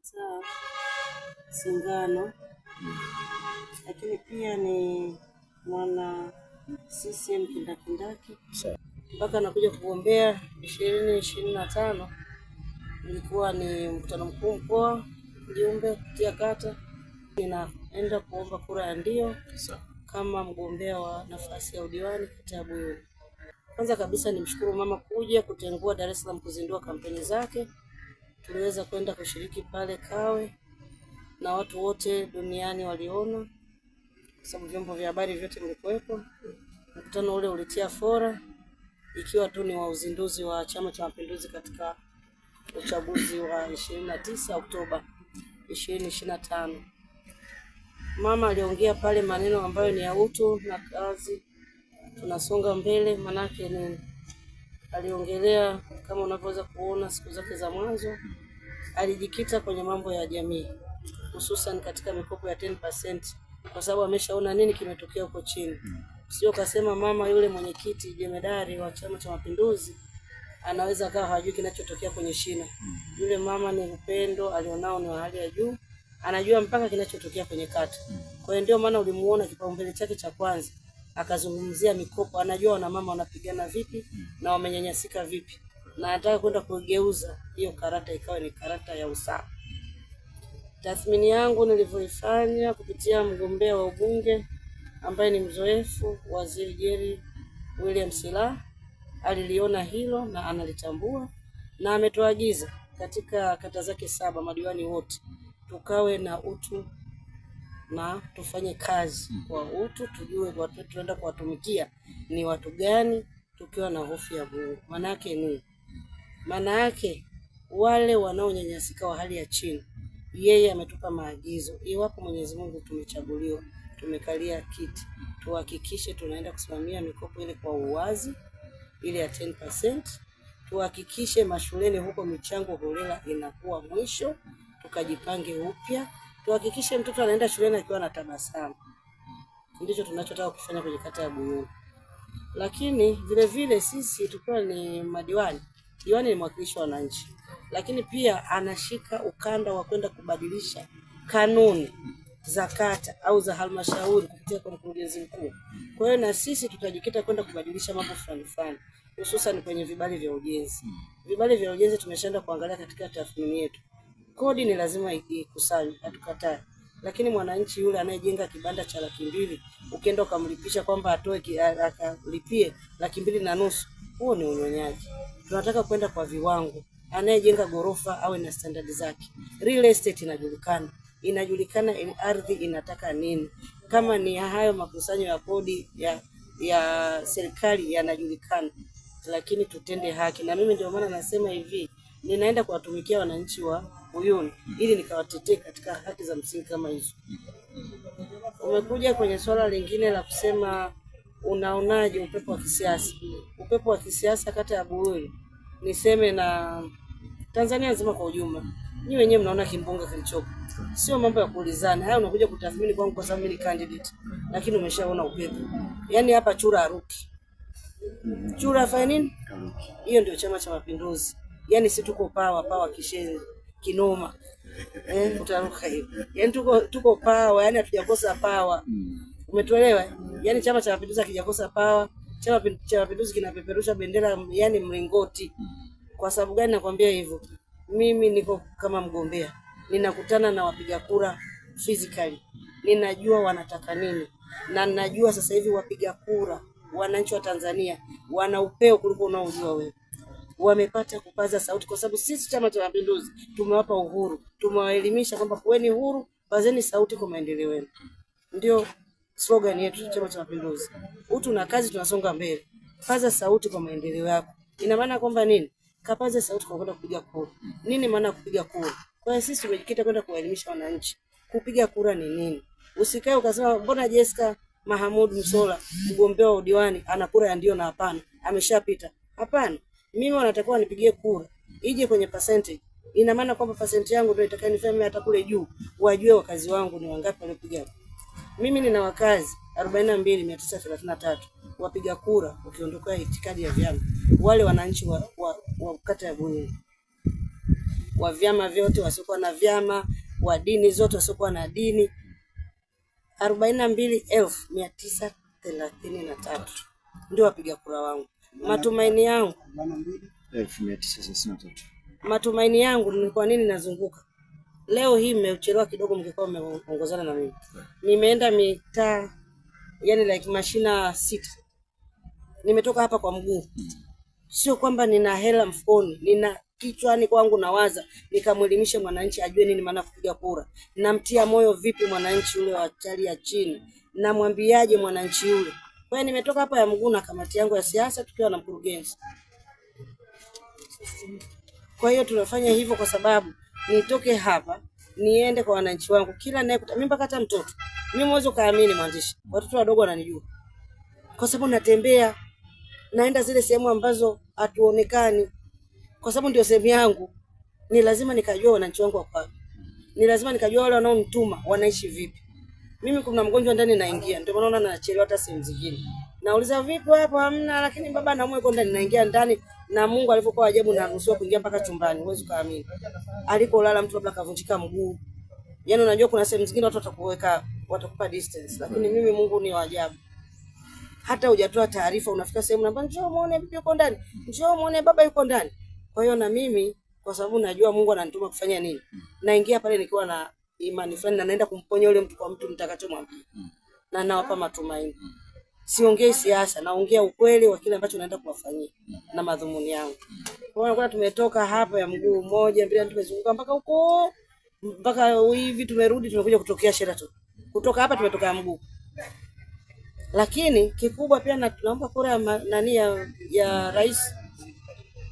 kujifunza singano lakini pia ni mwana CCM kindakindaki mpaka anakuja kugombea ishirini ishirini na tano. Ilikuwa ni mkutano mkuu mkoa, mjumbe kupitia kata. Ninaenda kuomba kura ya ndio kama mgombea wa nafasi ya udiwani kata ya Buyuni. Kwanza kabisa nimshukuru mama kuja kutengua Dar es Salaam kuzindua kampeni zake tuliweza kwenda kushiriki pale Kawe na watu wote duniani waliona, kwa sababu vyombo vya habari vyote vilikuwepo. Mkutano ule ulitia fora, ikiwa tu ni wa uzinduzi wa Chama cha Mapinduzi katika uchaguzi wa 29 Oktoba 2025. Mama aliongea pale maneno ambayo ni ya utu na kazi, tunasonga mbele, manake ni aliongelea kama unavyoweza kuona siku zake za mwanzo, alijikita kwenye mambo ya jamii, hususan katika mikopo ya 10% kwa sababu ameshaona nini kimetokea huko chini. Sio kasema mama yule mwenyekiti jemedari wa Chama cha Mapinduzi anaweza kawa hajui kinachotokea kwenye shina. Yule mama ni upendo alionao ni wa hali ya juu, anajua mpaka kinachotokea kwenye kata. Kwa hiyo ndio maana ulimuona kipaumbele chake cha kwanza akazungumzia mikopo, anajua wana mama wanapigana vipi na wamenyanyasika vipi, na anataka kwenda kugeuza hiyo karata ikawa ni karata ya usawa. Tathmini yangu nilivyoifanya kupitia mgombea wa ubunge ambaye ni mzoefu, Waziri Jerry William Silaa aliliona hilo na analitambua na ametuagiza katika kata zake saba madiwani wote tukawe na utu na tufanye kazi mm. kwa utu, tujue watu tunaenda kuwatumikia ni watu gani, tukiwa na hofu ya Mungu. Maana yake ni maana yake wale wanaonyanyasika wa hali ya chini, yeye ametupa maagizo. Iwapo Mwenyezi Mungu tumechaguliwa, tumekalia kiti, tuhakikishe tunaenda kusimamia mikopo ile kwa uwazi, ile ya 10%. Tuhakikishe mashuleni huko michango holela inakuwa mwisho, tukajipange upya tuhakikishe mtoto anaenda shuleni akiwa na tabasamu. Ndicho tunachotaka kufanya kwenye kata ya Buyuni. Lakini vile vile sisi tukiwa ni madiwani, diwani ni mwakilishi wa wananchi, lakini pia anashika ukanda wa kwenda kubadilisha kanuni za kata au za halmashauri kupitia kwa mkurugenzi mkuu. Kwa hiyo na sisi tutajikita kwenda kubadilisha mambo fulani fulani, hususan kwenye vibali vya ujenzi. Vibali vya ujenzi tumeshaenda kuangalia katika tathmini yetu kodi ni lazima ikusanywe, hatukatai, lakini mwananchi yule anayejenga kibanda cha laki mbili ukienda ukamlipisha kwamba atoe akalipie laki mbili na nusu, huo ni unyonyaji. Tunataka kwenda kwa viwango, anayejenga ghorofa awe na standard zake. Real estate inajulikana, inajulikana ardhi inataka nini. Kama ni hayo makusanyo ya kodi ya ya serikali yanajulikana, lakini tutende haki. Na mimi ndio maana nasema hivi, ninaenda kuwatumikia wananchi wa moyoni ili nikawatetee katika haki za msingi kama hizo. Umekuja kwenye swala lingine la kusema unaonaje upepo wa kisiasa? Upepo wa kisiasa kata ya Buhuli, niseme na Tanzania nzima kwa ujumla, nyinyi wenyewe mnaona kimbunga kilichopo. Sio mambo ya kuulizana haya, unakuja kutathmini kwangu kwa sababu mimi ni candidate, lakini umeshaona upepo. Yaani hapa chura haruki, chura afanye nini? Hiyo ndio Chama cha Mapinduzi. Yaani si tuko pawa pawa kishenzi kinoma eh, utaruka hiyo Yani tuko tuko pawa, yani hatujakosa pawa, umetuelewa? Yani Chama cha Mapinduzi hakijakosa pawa. Chama cha Mapinduzi kinapeperusha bendera, yani mlingoti. Kwa sababu gani nakwambia hivyo? Mimi niko kama mgombea, ninakutana na wapiga kura physically, ninajua wanataka nini, na ninajua sasa hivi wapiga kura wananchi wa Tanzania wana upeo kuliko unaojua wewe wamepata kupaza sauti, kwa sababu sisi Chama cha Mapinduzi tumewapa uhuru, tumewaelimisha kwamba kuweni huru, pazeni sauti kwa maendeleo yenu. Ndio slogan yetu Chama cha Mapinduzi, utu na kazi, tunasonga mbele. Paza sauti kwa maendeleo yako. Ina maana kwamba nini? Kapaza sauti kwa kwenda kupiga kura. Nini maana ya kupiga kura? Kwa hiyo sisi tumejikita kwenda kuwaelimisha wananchi kupiga kura ni nini. Usikae ukasema mbona Jessica Mahamud Msola mgombea wa udiwani ana kura ya ndio na hapana, ameshapita. Hapana, mimi wanatakiwa nipigie kura ije kwenye percentage. Ina maana kwamba percentage yangu ndio itakayenifanya hata kule juu wajue wakazi wangu ni wangapi waliopiga. Mimi nina wakazi 42933 wapiga kura, ukiondoka itikadi ya vyama, wale wananchi wa, wa, wa kata ya Buyuni wa vyama vyote, wasiokuwa na vyama, wa dini zote, wasiokuwa na dini, 42933 ndio wapiga kura wangu matumaini yangu Matumaini yangu ni kwa nini nazunguka leo hii, mmechelewa kidogo, mkikuwa mmeongozana na mimi. Nimeenda mitaa yani like mashina sita, nimetoka hapa kwa mguu. Sio kwamba nina hela mfukoni, nina kichwani kwangu nawaza nikamwelimishe mwananchi ajue nini maana kupiga kura. Namtia moyo vipi mwananchi ule wa chali ya chini? Namwambiaje mwananchi yule? Kwa hiyo nimetoka hapa ya mguu na kamati yangu ya siasa tukiwa na mkurugenzi. Kwa hiyo tunafanya hivyo kwa sababu nitoke hapa niende kwa wananchi wangu, kila naye mimi mpaka hata mtoto mimi mwezi ukaamini, mwandishi, watoto wadogo wananijua kwa sababu natembea, naenda zile sehemu ambazo hatuonekani, kwa sababu ndio sehemu yangu. Ni lazima nikajua wananchi wangu wako, ni lazima nikajua wale wanaonituma wanaishi vipi. Mimi kuna mgonjwa ndani naingia, ndio maana naona nachelewa hata sehemu zingine. Nauliza vipi hapo hamna, lakini baba na mume ndani naingia ndani na Mungu alivyokuwa ajabu na ruhusiwa kuingia mpaka chumbani. Huwezi kaamini. Alikolala mtu labda kavunjika mguu. Yaani unajua kuna sehemu zingine watu watakuweka watakupa distance, lakini mimi Mungu ni wa ajabu. Hata hujatoa taarifa unafika sehemu namba njoo muone bibi yuko ndani. Njoo muone baba yuko ndani. Kwa hiyo na mimi kwa sababu najua Mungu ananituma kufanya nini. Naingia pale nikiwa na imani fulani na naenda kumponya yule mtu kwa mtu nitakachomwambia mm. na nawapa matumaini mm. Siongei siasa, naongea ukweli wa kile ambacho naenda kuwafanyia mm. na madhumuni yangu mm. Kwa maana tumetoka hapa ya mguu mmoja mbili, tumezunguka mpaka huko mpaka hivi tumerudi, tumekuja kutokea Sheraton. Kutoka hapa tumetoka ya mguu, lakini kikubwa pia na tunaomba kura ya nani ya, ya rais.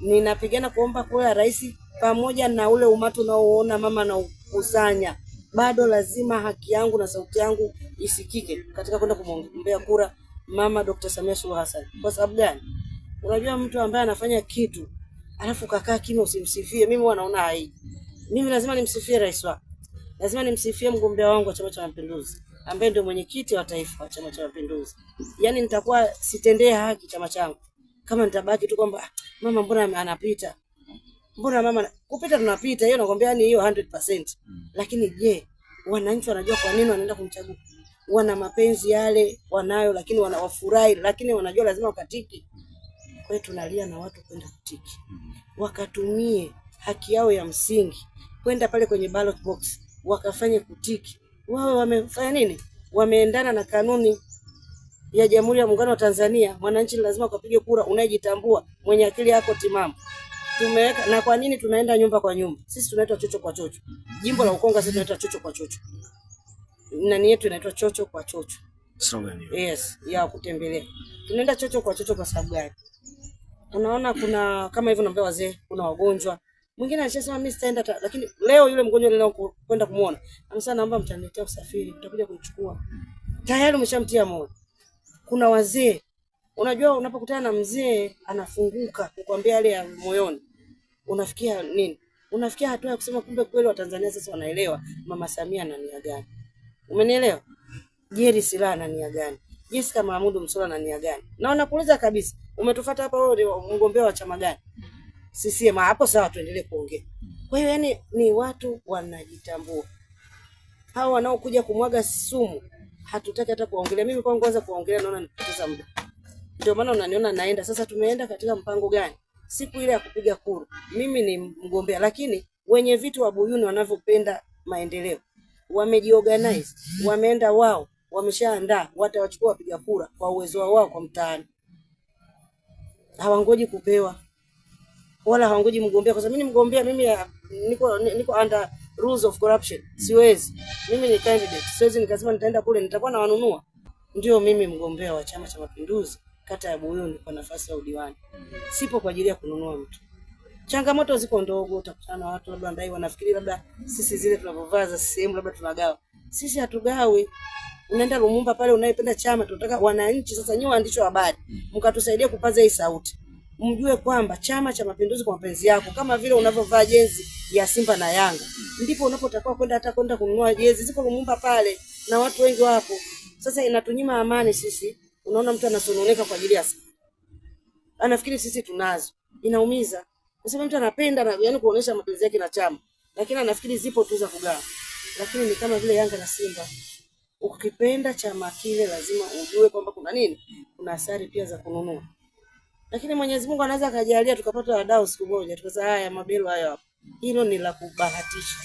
Ninapigana kuomba kura ya rais pamoja na ule umati unaoona mama na ukusanya bado lazima haki yangu na sauti yangu isikike katika kwenda kumwombea kura mama Dr. Samia Suluhu Hassan. Kwa sababu gani? Unajua, mtu ambaye anafanya kitu alafu kakaa kimya usimsifie, mimi wanaona naona Mimi lazima nimsifie rais wangu, lazima nimsifie mgombea wangu wa Chama cha Mapinduzi ambaye ndio mwenyekiti wa taifa wa Chama cha Mapinduzi. Yani nitakuwa sitendee haki chama changu kama nitabaki tu kwamba ah, mama, mbona anapita mbona mama kupita tunapita hiyo, nakwambia ni hiyo 100%. Mm. Lakini je, wananchi wanajua kwa nini wanaenda kumchagua? Wana mapenzi yale wanayo, lakini wanawafurahi, lakini wanajua lazima wakatiki. Kwa hiyo tunalia na watu kwenda kutiki, hmm. wakatumie haki yao ya msingi kwenda pale kwenye ballot box wakafanye kutiki. Wao wamefanya nini? Wameendana na kanuni ya Jamhuri ya Muungano wa Tanzania. Mwananchi lazima ukapige kura unayejitambua, mwenye akili yako timamu tumeweka na kwa nini tunaenda nyumba kwa nyumba? Sisi tunaitwa chocho kwa chocho. Jimbo la Ukonga sisi tunaitwa chocho kwa chocho, nani yetu inaitwa chocho kwa chocho. Yes, ya kutembelea. Tunaenda chocho kwa chocho kwa sababu gani? Unaona, kuna kama hivyo naambia wazee, kuna wagonjwa mwingine alishasema mimi sitaenda, lakini leo yule mgonjwa leo kwenda kumuona anasema naomba mtaniletea usafiri, mtakuja kumchukua. Tayari umeshamtia moyo. Kuna wazee, unajua unapokutana na mzee anafunguka kukwambia yale ya moyoni unafikia nini? Unafikia hatua ya kusema kumbe kweli Watanzania sasa wanaelewa Mama Samia na nia gani. Umenielewa? Jerry Silaa na nia gani? Jessica Mahamudu Msola na nia gani? Na wanakuuliza kabisa, umetufuata hapa wewe mgombea wa chama gani? CCM hapo sawa, tuendelee kuongea. Kwa hiyo yani ni watu wanajitambua. Hao wanaokuja kumwaga sumu hatutaki hata kuongelea. Mimi kwa kwanza kuongelea naona nipoteza muda. Ndio maana unaniona naenda. Sasa tumeenda katika mpango gani? siku ile ya kupiga kura, mimi ni mgombea, lakini wenye vitu wa Buyuni wanavyopenda maendeleo wamejiorganize, wameenda wao, wameshaandaa watawachukua wapiga kura kwa uwezo wao wao kwa mtaani, hawangoji kupewa wala hawangoji mgombea, kwa sababu mimi mgombea, mimi ah, niko niko under rules of corruption, siwezi mimi ni candidate, siwezi nikasema nitaenda kule nitakuwa nawanunua. Ndio mimi mgombea wa Chama cha Mapinduzi kata ya Buyuni kwa nafasi ya udiwani. Mm. Sipo kwa ajili ya kununua mtu. Changamoto ziko ndogo, utakutana na watu labda ndai wanafikiri labda sisi zile tunavyovaa za sehemu labda tunagawa. Sisi hatugawi. Unaenda Lumumba pale unayependa chama, tunataka wananchi sasa, nyinyi waandishi wa habari mm. mkatusaidia kupaza hii sauti. Mjue kwamba Chama cha Mapinduzi kwa mapenzi yako, kama vile unavyovaa jezi ya Simba na Yanga, ndipo unapotakiwa kwenda hata kwenda kununua jezi. Ziko Lumumba pale na watu wengi wapo. Sasa inatunyima amani sisi Unaona mtu anasononeka kwa ajili ya anafikiri sisi tunazo. Inaumiza kwa sababu mtu anapenda na yani kuonesha mapenzi yake na chama, lakini anafikiri zipo tu za kugawa. Lakini ni kama vile Yanga na Simba, ukipenda chama kile lazima ujue kwamba kuna nini, kuna athari pia za kununua. Lakini Mwenyezi Mungu anaweza akajalia tukapata wadau siku moja tukasema haya mabelo hayo hapo, hilo ni la kubahatisha,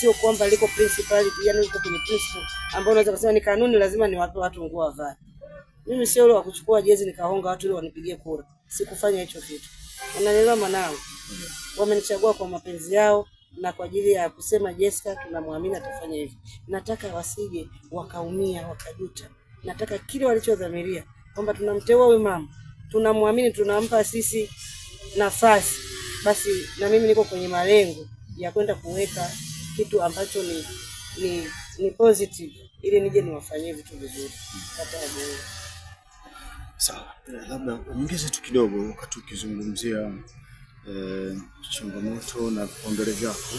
sio kwamba liko principle, yani liko kwenye principle ambayo unaweza kusema ni kanuni, lazima niwape watu nguo wavae. Mimi sio yule wa kuchukua jezi nikahonga watu ili wanipigie kura. Sikufanya hicho kitu. Unanielewa mwanangu? Wamenichagua kwa mapenzi yao na kwa ajili ya kusema Jessica tunamwamini atafanya hivi. Nataka wasije wakaumia wakajuta. Nataka kile walichodhamiria kwamba tunamteua huyu mama, tunamwamini, tunampa sisi nafasi, basi na mimi niko kwenye malengo ya kwenda kuweka kitu ambacho ni, ni, ni positive ili nije niwafanyie vitu vizuri. Sawa, labda ongeze tu kidogo wakati ukizungumzia e, changamoto na vipaumbele vyako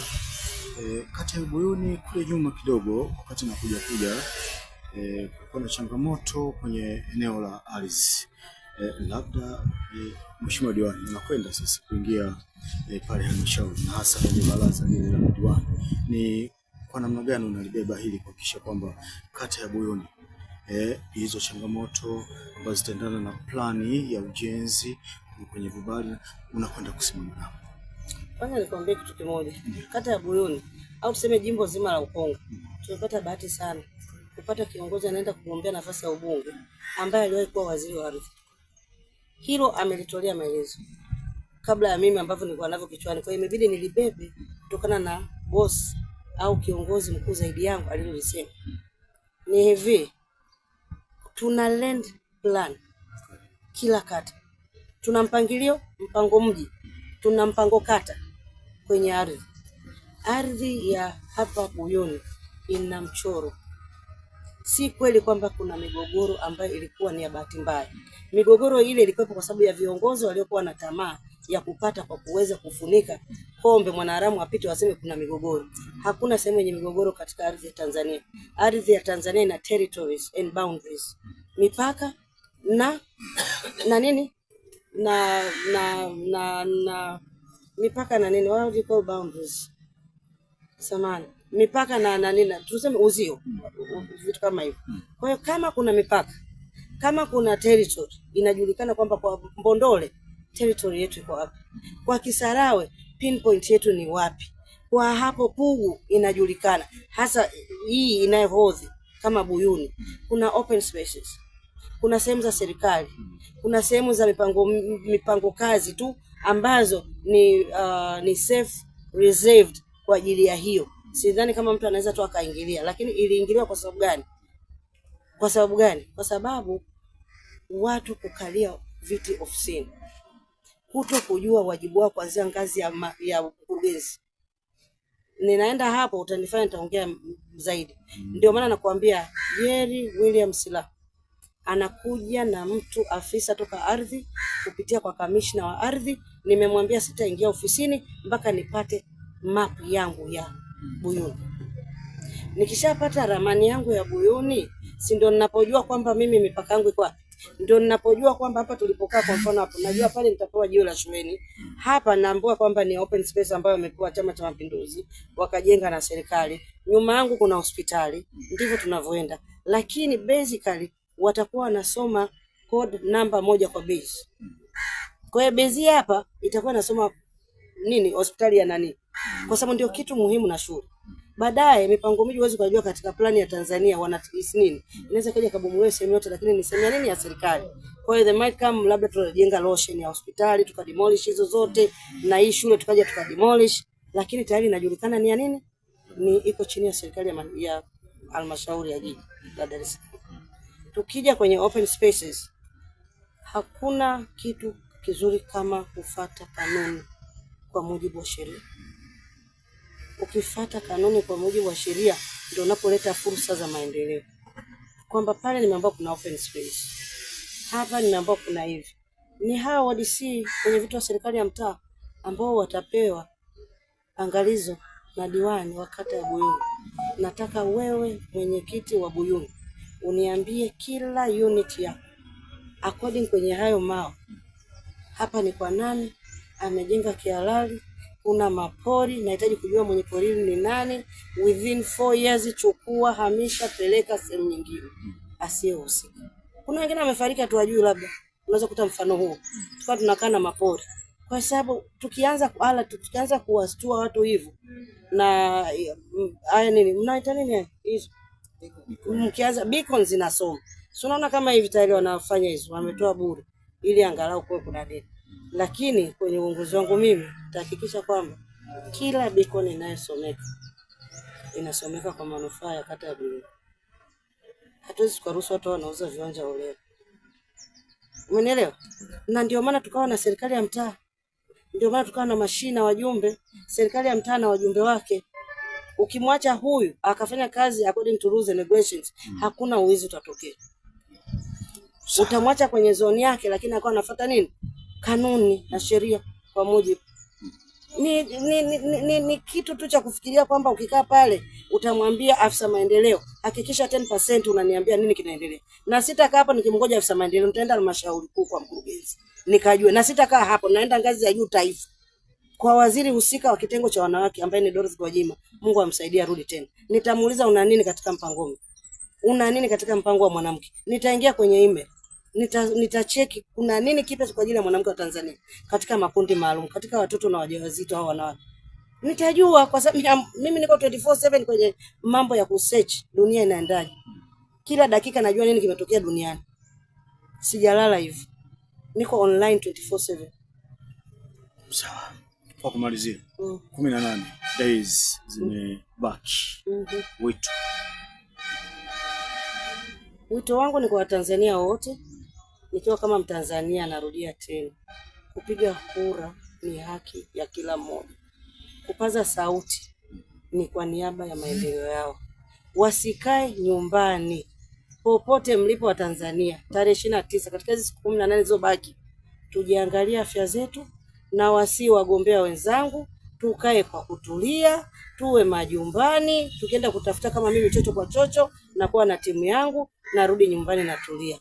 eh, kati ya Buyuni kule nyuma kidogo, wakati nakuja kuja e, kulikuwa na changamoto kwenye eneo la ardhi eh, labda eh, Mheshimiwa Diwani nakwenda sasa kuingia eh, pale halmashauri na hasa kwenye baraza lile la madiwani ni kwa namna gani unalibeba hili kuhakikisha kwamba kata ya Buyuni eh, hizo changamoto ambazo zitaendana na plani ya ujenzi kwenye vibali unakwenda kusimama nao? Kwanza nikwambie kitu kimoja, kata ya Buyuni au tuseme jimbo zima la Ukonga tumepata bahati sana kupata kiongozi anaenda kugombea nafasi ya ubunge ambaye aliwahi kuwa waziri wa ardhi. Hilo amelitolea maelezo kabla ya mimi ambavyo nilikuwa navyo kichwani, kwa hiyo imebidi nilibebe kutokana na boss au kiongozi mkuu zaidi yangu alilolisema ni hivi, tuna land plan kila kata, tuna mpangilio, mpango mji, tuna mpango kata kwenye ardhi. Ardhi ya hapa Buyuni ina mchoro. Si kweli kwamba kuna migogoro ambayo ilikuwa ni ya bahati mbaya. Migogoro ile ilikuwepo kwa sababu ya viongozi waliokuwa na tamaa ya kupata kwa kuweza kufunika kombe mwanaharamu apite waseme kuna migogoro. Hakuna sehemu yenye migogoro katika ardhi ya Tanzania. Ardhi ya Tanzania ina territories and boundaries, mipaka na na nini na na na, na mipaka na nini, what wao call boundaries, samani mipaka na na nini, tuseme uzio, vitu kama hivyo. Kwa hiyo kama kuna mipaka, kama kuna territory, inajulikana kwamba kwa Mbondole territory yetu iko wapi, kwa Kisarawe pinpoint yetu ni wapi, kwa hapo Pugu inajulikana hasa hii inayohodhi kama Buyuni. Kuna open spaces, kuna sehemu za serikali, kuna sehemu za mipango mipango kazi tu ambazo ni uh, ni safe reserved kwa ajili ya hiyo. Sidhani kama mtu anaweza tu akaingilia, lakini iliingiliwa kwa sababu gani? Kwa sababu gani? Kwa sababu watu kukalia viti ofisini kuto kujua wajibu wao kuanzia ngazi ya, ya ukurugenzi. Ninaenda hapo utanifanya nitaongea zaidi. Mm. Ndio maana nakuambia Jerry William Silaa anakuja na mtu afisa toka ardhi kupitia kwa kamishna wa ardhi. Nimemwambia sitaingia ofisini mpaka nipate map yangu ya Buyuni. Nikishapata ramani yangu ya Buyuni, si ndio ninapojua kwamba mimi mipaka yangu iko wapi ndio ninapojua kwamba hapa tulipokaa, kwa mfano hapa, najua pale nitapewa jiwe la shuleni. Hapa naambua kwamba ni open space ambayo wamepewa Chama cha Mapinduzi, wakajenga na serikali. Nyuma yangu kuna hospitali, ndivyo tunavyoenda, lakini basically watakuwa wanasoma code namba moja kwa base. Kwa hiyo base hapa itakuwa nasoma nini, hospitali ya nani, kwa sababu ndio kitu muhimu na shule baadaye mipango miji huwezi kujua katika plani ya Tanzania wana nini. Inaweza kaja kabomolewe sehemu yote, lakini ni sehemu ya nini ya serikali. Kwa hiyo they might come, labda tunajenga lotion ya hospitali tukademolish hizo zote, na hii shule tukaja tukademolish, lakini tayari inajulikana ni ya nini, ni iko chini ya serikali ya, ya halmashauri ya jiji la Dar es Salaam. Tukija kwenye open spaces, hakuna kitu kizuri kama kufata kanuni kwa mujibu wa sheria ukifata kanuni kwa mujibu wa sheria ndio unapoleta fursa za maendeleo. Kwamba pale nimeambiwa kuna open space, hapa nimeambiwa kuna hivi. Ni hawa DC kwenye vitu wa serikali ya mtaa ambao watapewa angalizo na diwani wa kata ya Buyuni, nataka wewe mwenyekiti wa Buyuni uniambie kila unit ya according kwenye hayo mao, hapa ni kwa nani amejenga kihalali kuna mapori, nahitaji kujua mwenye pori ni nani. Within four years, chukua, hamisha, peleka sehemu nyingine asiyehusika. Kuna wengine wamefariki hatuwajui, labda unaweza kuta mfano huo, tukawa tunakaa na mapori kwa sababu tukianza kuala tukianza kuwastua watu hivyo na haya nini mnaita nini hizo, mkianza beacon zinasoma, si unaona kama hivi tayari wanafanya hizo, wametoa bure ili angalau kuwe kuna deni lakini kwenye uongozi wangu mimi nitahakikisha kwamba kila bikoni inayosomeka inasomeka kwa manufaa ya kata ya Buhiro. Hatuwezi tukaruhusu watu wanauza viwanja holela, umenielewa? Na ndio maana tukawa na serikali ya mtaa, ndio maana tukawa na mashina wajumbe, serikali ya mtaa na wajumbe wake. Ukimwacha huyu akafanya kazi according to rules and regulations, hmm. hakuna uwizi utatokea. Utamwacha kwenye zoni yake, lakini akawa anafuata nini kanuni na sheria kwa mujibu ni ni, ni, ni ni kitu tu cha kufikiria kwamba ukikaa pale utamwambia afisa maendeleo hakikisha 10% unaniambia nini kinaendelea. Na sitakaa hapa nikimngoja afisa maendeleo, nitaenda halmashauri kuu kwa mkurugenzi nikajue, na sitakaa hapo, naenda ngazi ya juu taifa kwa waziri husika wa kitengo cha wanawake ambaye ni Dorothy Gwajima, Mungu amsaidie arudi tena. Nitamuuliza una nini katika mpango, una nini katika mpango wa mwanamke. Nitaingia kwenye email nitacheki nita kuna nini kipya kwa ajili ya mwanamke wa Tanzania katika makundi maalum, katika watoto na wajawazito au wanawake. Nitajua kwa sababu mimi niko 24/7 kwenye mambo ya kusearch dunia inaendaje. Kila dakika najua nini kimetokea duniani. Sijalala hivi. Niko online 24/7. Sawa. Kwa kumalizia. Mm. 18 days zimebaki. Mm -hmm. Wito. Wito wangu ni kwa Watanzania wote Nikiwa kama Mtanzania, narudia tena, kupiga kura ni haki ya kila mmoja. Kupaza sauti ni kwa niaba ya maendeleo yao. Wasikae nyumbani, popote mlipo wa Tanzania, tarehe ishirini na tisa katika hizi siku kumi na nane zilizobaki, tujiangalie afya zetu na wasi wagombea wenzangu, tukae kwa kutulia, tuwe majumbani. Tukienda kutafuta kama mimi chocho kwa chocho, nakuwa na timu yangu, narudi nyumbani natulia.